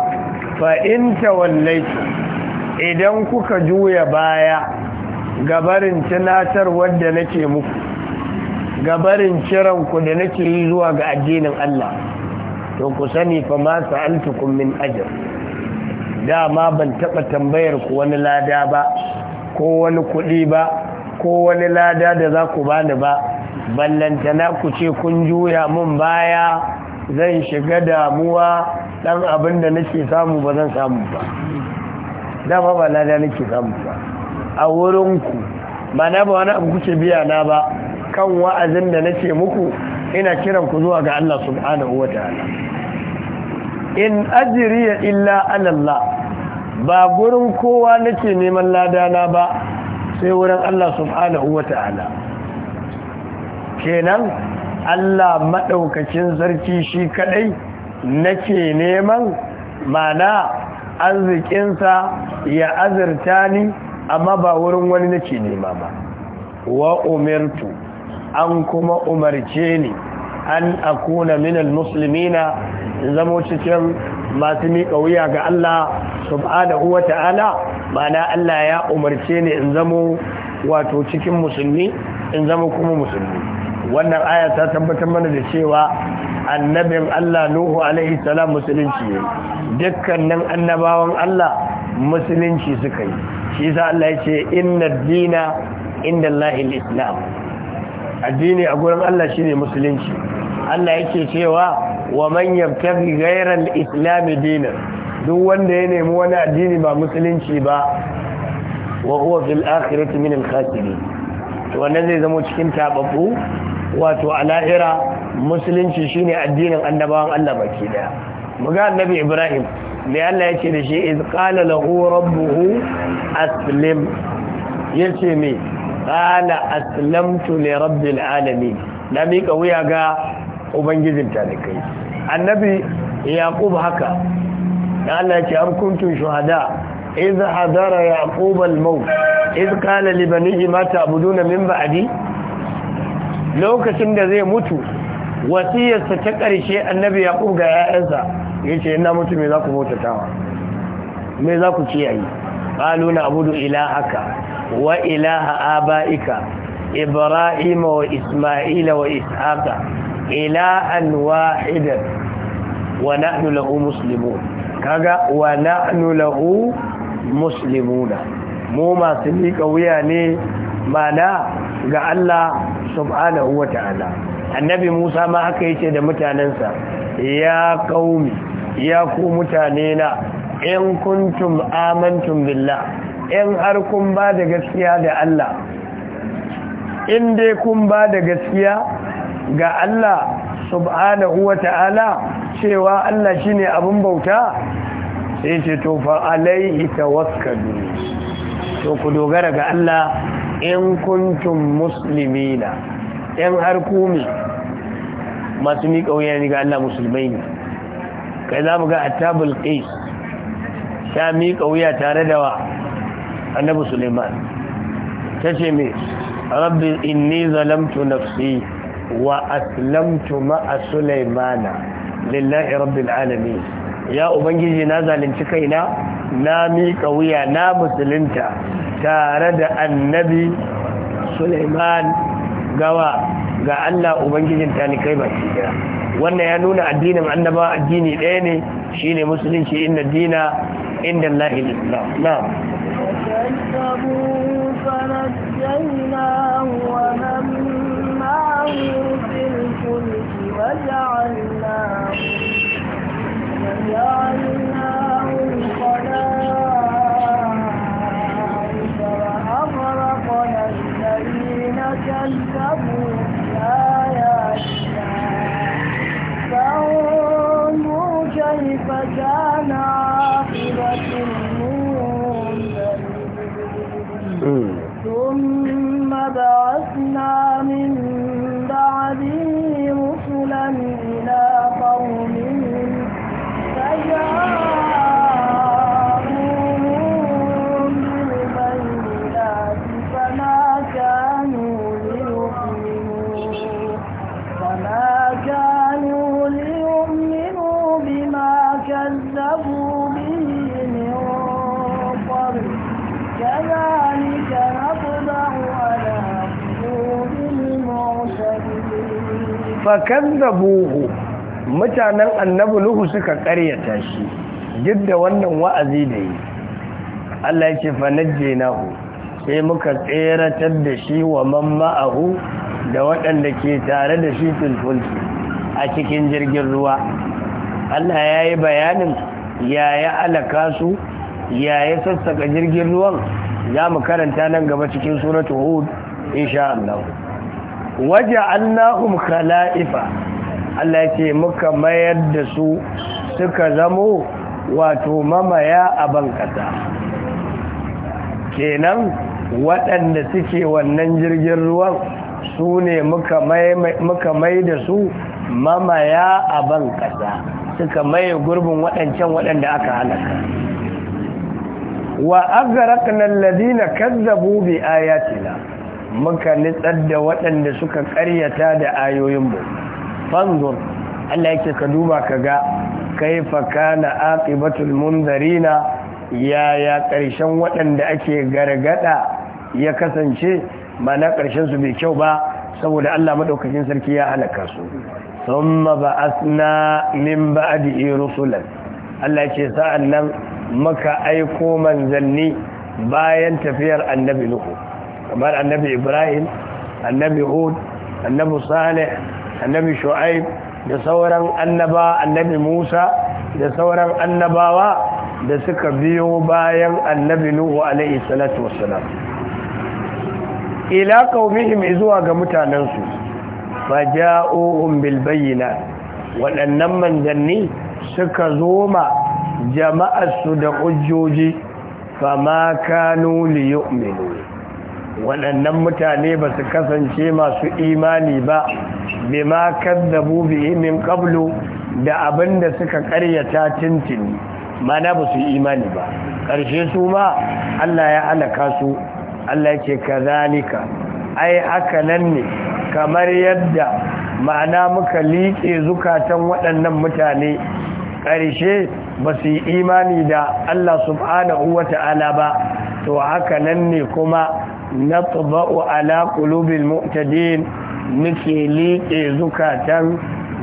fa in tawallaitu idan kuka juya baya gabarin tunatar wanda nake muku gabarin ku da nake yi zuwa ga addinin Allah to ku sani fa ma sa'altukum min ajr dama ban taba tambayar ku wani lada ba ko wani kuɗi ba ko wani lada da za ku bani ba ballantana ku ce kun juya mun baya zan shiga damuwa dan abin da nake samu ba zan samu ba dama ba lada nake samu ba a wurin ba na ba wani abu kuke biya na ba kan wa'azin da nake muku ina kiran ku zuwa ga Allah subhanahu wa ta'ala in ya illa Allah ba gurin kowa nake neman ladana ba sai wurin Allah subhanahu wa ta'ala kenan Allah maɗaukacin sarki shi kaɗai nake neman mana arzikinsa ya azirta ni amma ba wurin wani nake nema ba wa umirtu an kuma umarce ni an akuna minal muslimina zamo cikin masu miƙa wuya ga Allah subhanahu wa ta'ala mana Allah ya umarce ni in zamo wato cikin musulmi in zamo kuma musulmi wannan aya ta tabbatar mana da cewa annabin Allah Nuhu alaihi salam musulunci ne dukkanin annabawan Allah musulunci suka yi shi sa Allah ya ce inna dina inda Allahil Islam addini a gurin Allah shine musulunci Allah yake cewa wa man yabtaghi ghayra al-islam dinan duk wanda ya nemi wani addini ba musulunci ba wa huwa fil akhirati min al-khasirin to wannan zai zama cikin tababbu wato a lahira musulunci shine addinin annabawan Allah baki daya muga annabi Ibrahim ne Allah yake da shi iz qala lahu rabbuhu aslim yace me Kala aslamtu li rabbil alami na mika wuya ga ubangijin kai annabi yaqub haka Allah ya ce am kuntum shuhada إذ حضر يعقوب الموت kala قال لبنيه ما تعبدون من بعدي lokacin da zai mutu wasiyarsa ta ƙarshe annabi yaqub ga 'ya'yansa yace yana mutu me za ku motatawa me za ku ciyayi qalu na'budu ilahaka wa ilaha abaika ibrahim wa isma'ila wa ishaqa ilahan wa nahnu lahu muslimun kaga wa nahnu lahu muslimuna mu masu miƙa wuya ne mana ga Allah subhanahu wa ta'ala annabi Musa ma aka yi ce da mutanensa ya qaumi ya ku mutanena. in kuntum amantum billah in har kun ba da gaskiya da Allah in dai kun ba da gaskiya ga Allah subhanahu wa ta'ala cewa Allah shine abin bauta sai ce to fa alaihi tawakkalu to ku dogara ga Allah in kuntum muslimina in har ku ne masu ni wuya ne ga Allah musulmai ne kai za mu ga attabul qais ta miƙa wuya tare da wa annabi suleiman ta ce mai rabbi inni zalamtu nafsi wa aslamtu ma'a suleimana lillahi rabbil alamin ya ubangiji na zalunci kaina na miƙa wuya na musulunta tare da annabi suleiman gawa ga Allah ubangijin ta ni kai baki daya wannan ya nuna addinin annaba addini ɗaya ne shi ne musulunci inna dina عند الله الإسلام نعم وكذبوا فنجيناه ومن معه في الفلك وجعلناه وجعلناهم خلائف وأغرقنا الذين كذبوا بآياتنا فانظر كيف كان عاقبة المنذرين ثم بعثنا من بعده رسلا إلى قومهم فجعلوا buhu mutanen annabu luhu suka karyata shi duk da wannan wa'azi da yi Allah yake fa sai muka tseratar da shi wa Mammaahu da waɗanda ke tare da shi tulfulki a cikin jirgin ruwa Allah ya yi bayanin ya ya alaka su ya yi sassaka jirgin ruwan za mu karanta nan gaba cikin suratu hud sha Allah waja'alnahum khala'ifa Allah ce muka mayar da su suka zamo wato mamaya a bankasa kenan waɗanda suke wannan jirgin ruwan su ne muka mai da su mamaya a bankasa suka maye gurbin waɗancan waɗanda aka halaka wa Ladina alladhina kazzabu bi ayatina muka nitsar da waɗanda suka ƙaryata da ayoyinmu fanzur Allah yake ka duba ka ga kaifa kana aqibatul munzarina yaya ƙarshen waɗanda ake gargada ya kasance mana ƙarshen su bai kyau ba saboda Allah madaukakin sarki ya halaka su thumma ba'athna min ba'di rusulan Allah yake sa'an nan muka aiko manzanni bayan tafiyar annabi Nuhu kamar annabi ibrahim annabi hud annabi salih annabi shu'aib da sauran annaba annabi musa da sauran annabawa da suka biyo bayan annabi nuhu alaihi salatu wassalam ila qaumihim zuwa ga mutanansu faja'uhum bil bayyinat waɗannan manzanni suka zoma jama'arsu da hujjoji fama kanu liyu'minu waɗannan mutane ba su kasance masu imani ba bima kaddabu bihi min qablu da abinda suka karyata tintini mana ba su imani ba ƙarshe su ma Allah ya alaka su Allah yake kazalika ai haka nan ne kamar yadda ma'ana muka liƙe zukatan waɗannan mutane ƙarshe ba su yi imani da Allah subhanahu wata'ala ba to haka nan ne kuma na tuba'u ala qulubil mu'tadin muke liƙe zukatan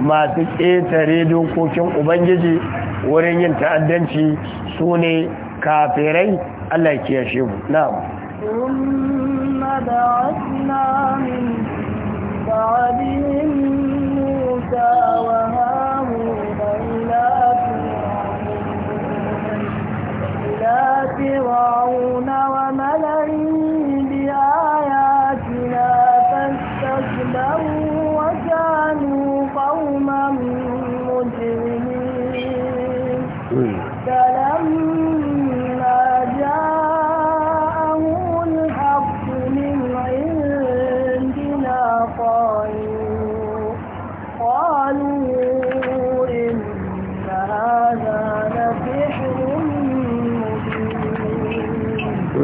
masu ƙetare dokokin ubangiji wurin yin ta'addanci su ne kafirai Allah ya kiyashe mu na'am بعثنا من بعدهم موسى فرعون وملئه بآياتنا فاستكبروا وكانوا قوما مجرمين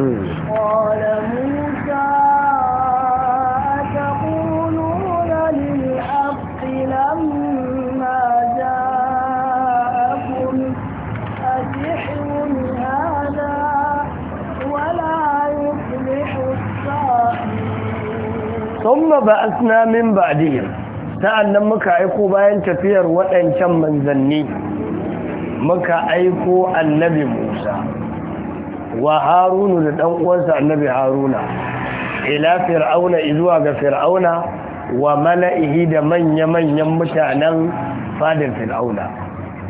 قال موسى أتقولون للحق لما جاءكم أسحر هذا ولا يفلح الساحر ثم بأسنا من بعدهم sa'annan muka aiko bayan tafiyar waɗancan manzanni muka aiko annabinmu wa harunu da dan uwansa annabi haruna ila fir'auna zuwa ga fir'auna wa mala'ihi da manya-manyan mutanen fadin fir'auna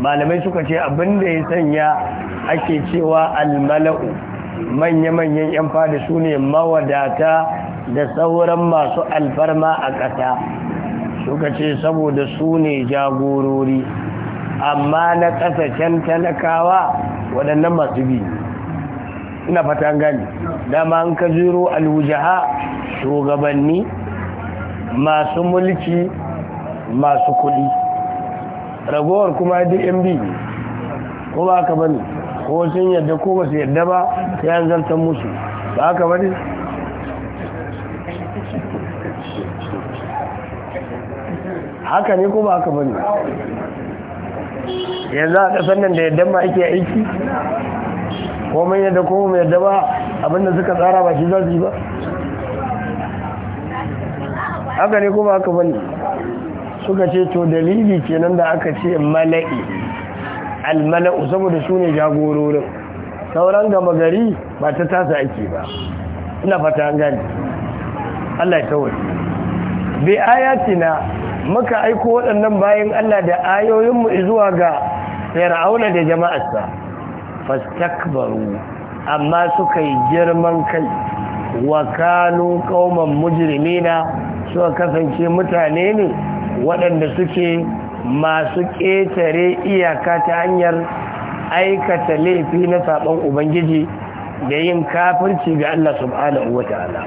malamai suka ce abin da ya sanya ake cewa almala'u manya-manyan 'yan fada sune mawadata da sauran masu alfarma a ƙasa suka ce saboda su ne jagorori amma na ƙasa can talakawa waɗannan masu biyu ina fata an gani dama an ka zuro alwujaha shugabanni masu mulki masu kudi ragowar kuma dmb ko ba ka bani ko sun yadda ko ba su yadda ba sai zartan musu ba ka bani haka ne ko ba ka bani yanzu a kasar nan da yadda ma ake aiki Komai yadda kuma mai yadda ba abinda suka tsara ba shi za ba haka ne kuma haka bane suka ce to dalili kenan da aka ce mala'i almala'u saboda su ne jagororin sauran gama gari ba ta tasa ake ba ina fata an gani Allah ya tawar bi ayatina muka aiko waɗannan bayan Allah da ayoyinmu zuwa ga fir'auna da jama'arsa fastakbaru amma suka yi girman kai wa kanu kauman mujrimina suka kasance mutane ne waɗanda suke masu ƙetare iyaka ta hanyar aikata laifi na saɓon ubangiji da yin kafirci ga Allah subhanahu wa ta'ala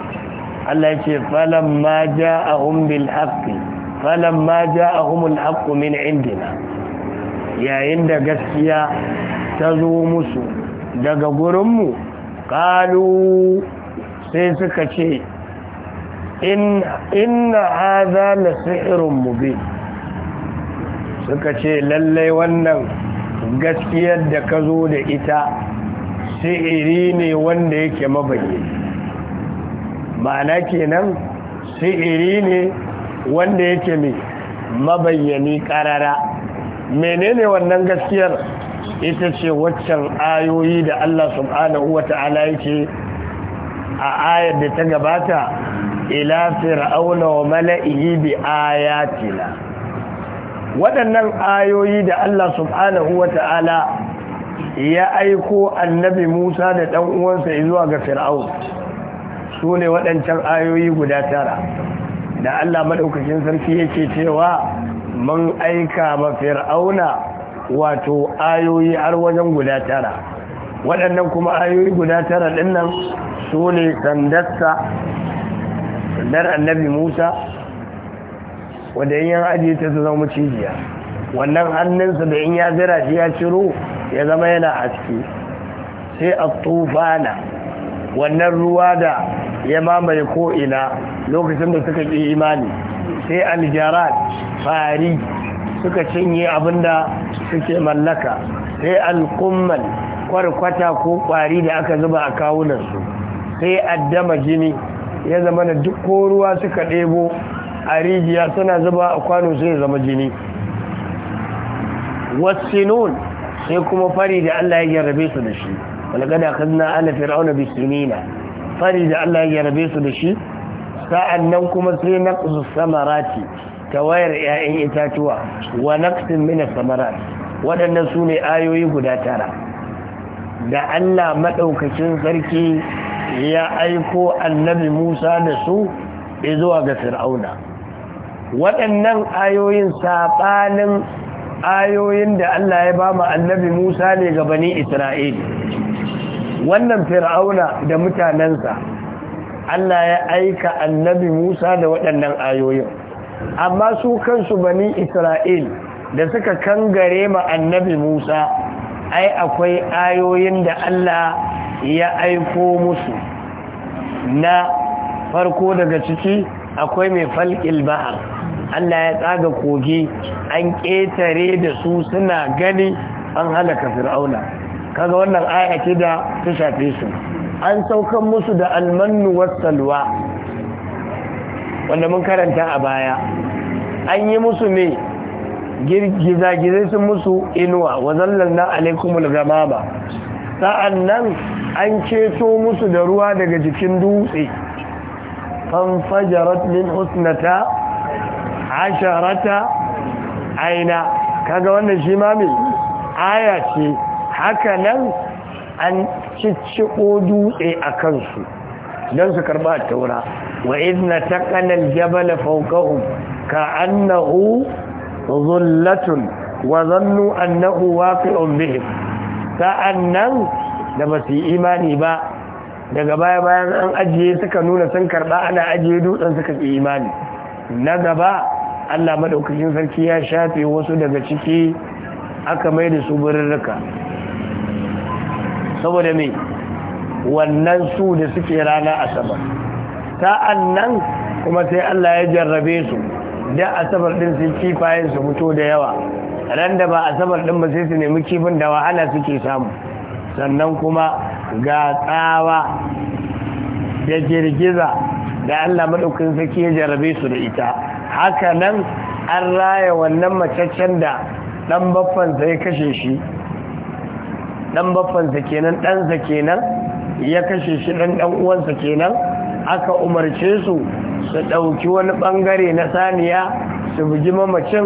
Allah ya ce falon ma ja'ahum a humbil haƙi ma ja'ahum a humul min indina yayin da gaskiya Tazo musu daga gurinmu ƙalu sai suka ce inna haza na sihirin mube suka ce lallai wannan gaskiyar da ka zo da ita sihiri ne wanda yake mabayyani ma'ana kenan sihiri ne wanda yake mabayyani ƙarara menene wannan gaskiyar ita ce waccan ayoyi da Allah subhanahu wa ta'ala yake a ayar da ta gabata ila fir'auna wa mala'ihi bi ayatina waɗannan ayoyi da Allah subhanahu wa ta'ala ya aiko annabi Musa da ɗan uwansa zuwa ga fir'aun sune ne waɗancan ayoyi guda tara da Allah maɗaukakin sarki yake cewa mun aika ma fir'auna wato ayoyi har wajen guda tara waɗannan kuma ayoyi guda tara ɗinnan su ne sandarsa sandar annabi musa wadda yin ajiye ta zama cijiya wannan hannunsa da in ya zira shi ya ciro ya zama yana aski sai a tufana wannan ruwa da ya mamaye ko'ina lokacin da suka ƙi imani sai aljarat fari suka cinye abinda suke mallaka sai alƙumman kwarkwata ko ƙwari da aka zuba a kawunansu sai addama jini ya zama da duk ko ruwa suka ɗebo a rijiya suna zuba a kwano sai ya zama jini wasinun sai kuma fari da Allah ya yarrabe su da shi walgada kazna ala fir'auna bisinina fari da Allah ya yarrabe su da shi sa'annan kuma sai naqsu samarati tawayar 'ya'yan itatuwa wa naqsin min samarat waɗannan su ne ayoyi guda tara da Allah maɗaukacin sarki ya aiko annabi Musa da su zuwa ga Fir'auna waɗannan ayoyin saɓanin ayoyin da Allah ya ba mu annabi Musa ne ga bani Isra'il wannan Fir'auna da mutanensa Allah ya aika annabi Musa da waɗannan ayoyin amma su kansu bani isra'il da suka kangare ma annabi musa ai akwai ayoyin da allah ya aiko musu na farko daga ciki akwai mai falƙil bahar allah ya tsaga kogi an ƙetare da su suna gani an halaka fir'auna kaga wannan aya da ta shafe su an saukan musu da almannu wasalwa wanda mun karanta a baya an yi musu ne girgizagizai sun musu inuwa wa zallan na alaikumul gamama sa'an nan an ceto musu da ruwa daga jikin dutse fanfajarat min husnata asharata aina kaga wannan shi mami aya ce haka nan an cicciko dutse a kansu don su karba taura wa izna taqanal jabala fawqahum ka'annahu dhullatun wa dhannu annahu waqi'un da ba su imani ba daga baya bayan an ajiye suka nuna sun karba ana ajiye dutsen suka ki imani na gaba Allah maɗaukacin sarki ya shafe wasu daga ciki aka mai da su birrika saboda me wannan su da suke rana asabar sa'an nan kuma sai Allah ya jarrabe su da asabar ɗin su kifayen su fito da yawa ran da ba asabar ɗin ba sai su nemi kifin da wahala suke samu sannan kuma ga tsawa da girgiza da Allah maɗaukun saki ya jarrabe su da ita haka nan an raya wannan macaccen da ɗan baffan sai kashe shi Ɗan baffansa kenan ɗansa kenan ya kashe shi ɗan ɗan uwansa kenan aka umarce su su ɗauki wani ɓangare na saniya su buji mamacin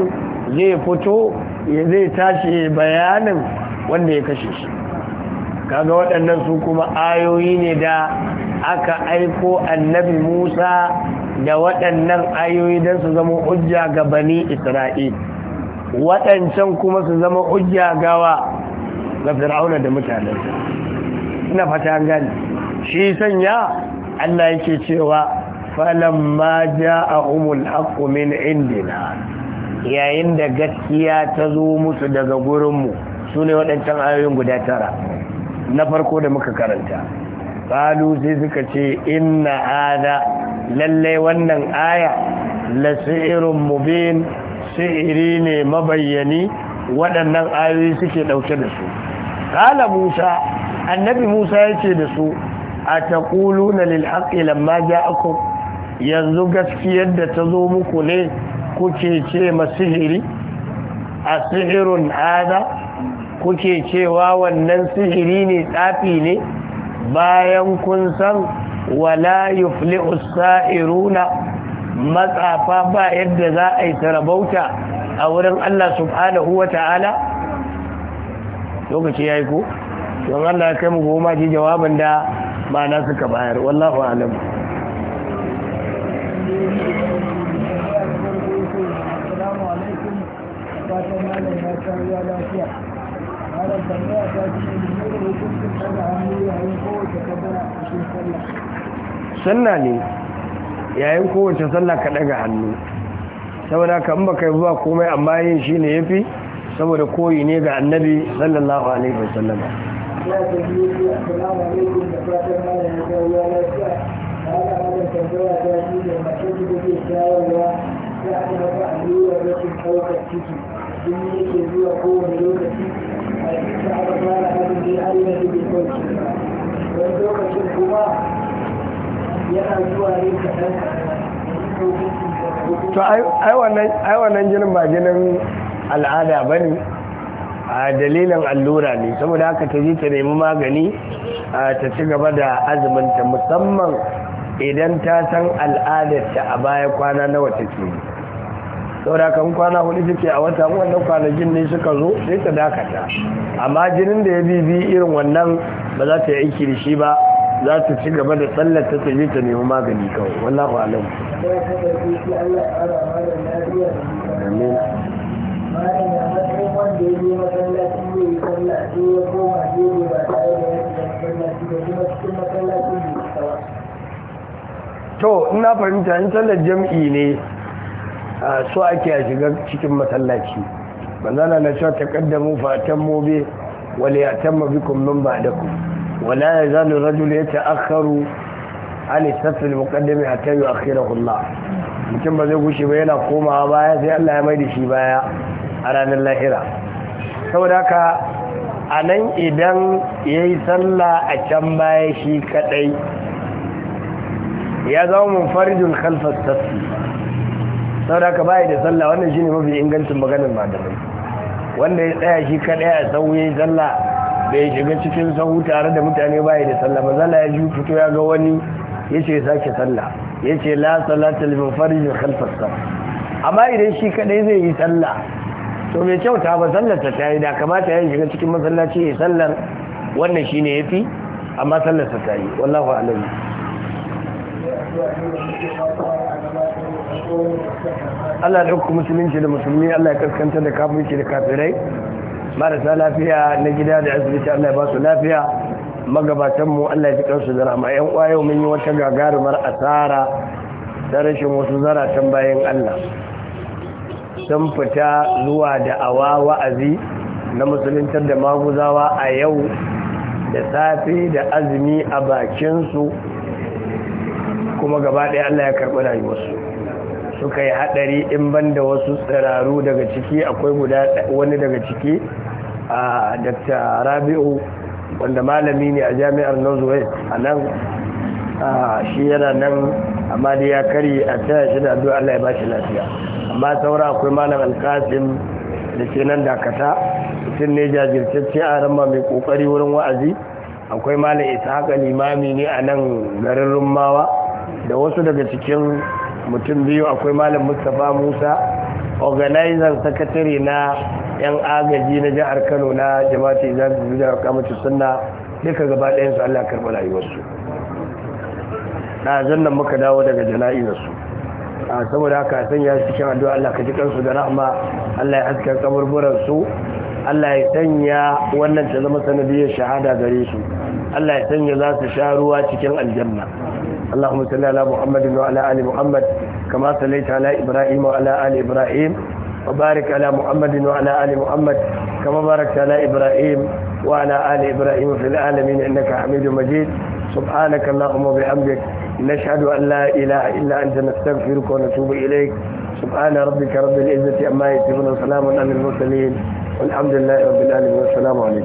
zai fito ya zai tashi bayanin wanda ya kashe shi kaga waɗannan su kuma ayoyi ne da aka aiko annabi musa da waɗannan ayoyi don su zama hujja ga bani isra'il waɗancan kuma su zama hujja gawa ga fir'auna da mutanensa ina fata gani shi sanya Allah yake cewa falamma ja'ahumul haqqu min indina yayin da gaskiya ta zo musu daga gurinmu sune waɗancan ayoyin guda tara na farko da muka karanta Falu sai suka ce inna hada lalle wannan aya la si'irun mubin si'iri ne mabayyani waɗannan ayoyi suke ɗauke da su qala musa annabi musa yace da su a taquluna lil haqqi lamma ja'akum yanzu gaskiyar da ta zo muku ne kuke ce masihiri a hada kuke cewa wannan sihiri ne tsafi ne bayan kun san wala yuflihu sa'iruna matsafa ba yadda za a yi tarabauta a wurin Allah subhanahu wa ta'ala lokaci ya yi ko don Allah ya kai mu goma ji jawabin da ma'ana suka bayar wallahu alam sunna ne yayin kowace sallah ne yayin ka daga hannu saboda ka in baka yi komai amma yin shi ne ya fi saboda koyi ne ga annabi sallallahu alaihi wasallama ya tambaye shi assalamu alaikum da fatan malam ya shi ne da rashin ciki zuwa lokaci aka fara wani lokacin kuma yana zuwa kaɗan to ai wannan jinin ba jinin al'ada ba ne a dalilin allura ne saboda haka ta ji ta nemi magani ta ci gaba da azuminta musamman idan ta san al'adarta a baya kwana nawa take yi saboda kan kwana hudu ke a wata wannan kwanakin ne suka zo sai ta dakata amma jinin da ya bibi irin wannan ba za ta yi aiki da shi ba za ta ci gaba da tsallar ta je ta nemi magani kawai wallahu alam bayan ya matsayin wanda ya je masallaci ya yi sallaci ya koma jere ba tare da ya shiga masallaci da kuma cikin masallaci ne kawa to ina fahimta in sallar jam'i ne so ake a shiga cikin masallaci manzana na cewa ta kaddamu fa atammu bi wa li yatamma bikum min ba'dakum wa la yazalu rajulu yata'akharu an safi al-muqaddami hatta yu'akhirahu Allah mutum ba zai gushe ba yana komawa baya sai Allah ya mai da shi baya a ranar lahira saboda haka a nan idan ya yi sallah a can baya shi kadai ya zama mun farijin kalfar tafi saboda haka baya da sallah wannan shi ne mafi ingancin maganin malamai wanda ya tsaya shi kadai a sau ya yi sallah bai shiga cikin sahu tare da mutane baya da sallah ba zala ya ji fito ya ga wani ya ce sake sallah ya ce la salatul munfarijin kalfar tafi amma idan shi kadai zai yi sallah to mai kyauta ba sallarsa ta yi da kamata yayin shiga cikin masallaci ya sallar wannan shi ne ya fi amma sallarsa ta yi wallahu alamu Allah da uku musulunci da musulmi Allah ya kaskanta da kafirci da kafirai marasa lafiya na gida da asibiti Allah ya ba su lafiya magabatanmu Allah ya ji kansu da rahama yan yau mun yi wata gagarumar asara ta rashin wasu zaratan bayan Allah sun fita zuwa da awa wa'azi na musuluntar da maguzawa a yau da safi da azumi a bakinsu kuma gaba ɗaya Allah ya karɓi rayuwarsu suka yi haɗari in ban da wasu tsiraru daga ciki akwai guda wani daga ciki a dr rabi'u wanda malami ne a jami'ar northwest a nan shi yana nan amma da ya kari a taya shi da addu'a Allah ya ba shi lafiya amma saura akwai malam alkasim da ke nan dakata mutum ne jajirtacce a rama mai ƙoƙari wurin wa'azi akwai malam haka limami ne a nan garin rummawa da wasu daga cikin mutum biyu akwai malam mustapha musa organizer sakatare na yan agaji na jihar kano na jama'atu izalatu zuwa kamata sunna duka gaba ɗayan su allah karɓar rayuwarsu ɗazan nan muka dawo daga jana'izarsu a saboda haka sanya su cikin addu'a Allah ka ji kansu da rahma Allah ya haska kaburburan su Allah ya sanya wannan ta zama sanadiyar shahada gare su Allah ya sanya za su sha ruwa cikin aljanna اللهم صل على محمد وعلى ال محمد كما صليت على ابراهيم وعلى ال ala وبارك على محمد وعلى ال محمد كما باركت على ابراهيم وعلى ال ابراهيم في العالمين انك حميد مجيد سبحانك اللهم وبحمدك نشهد أن لا إله إلا أنت نستغفرك ونتوب إليك سبحان ربك رب العزة أما يتبون وسلام على المرسلين والحمد لله رب العالمين والسلام عليكم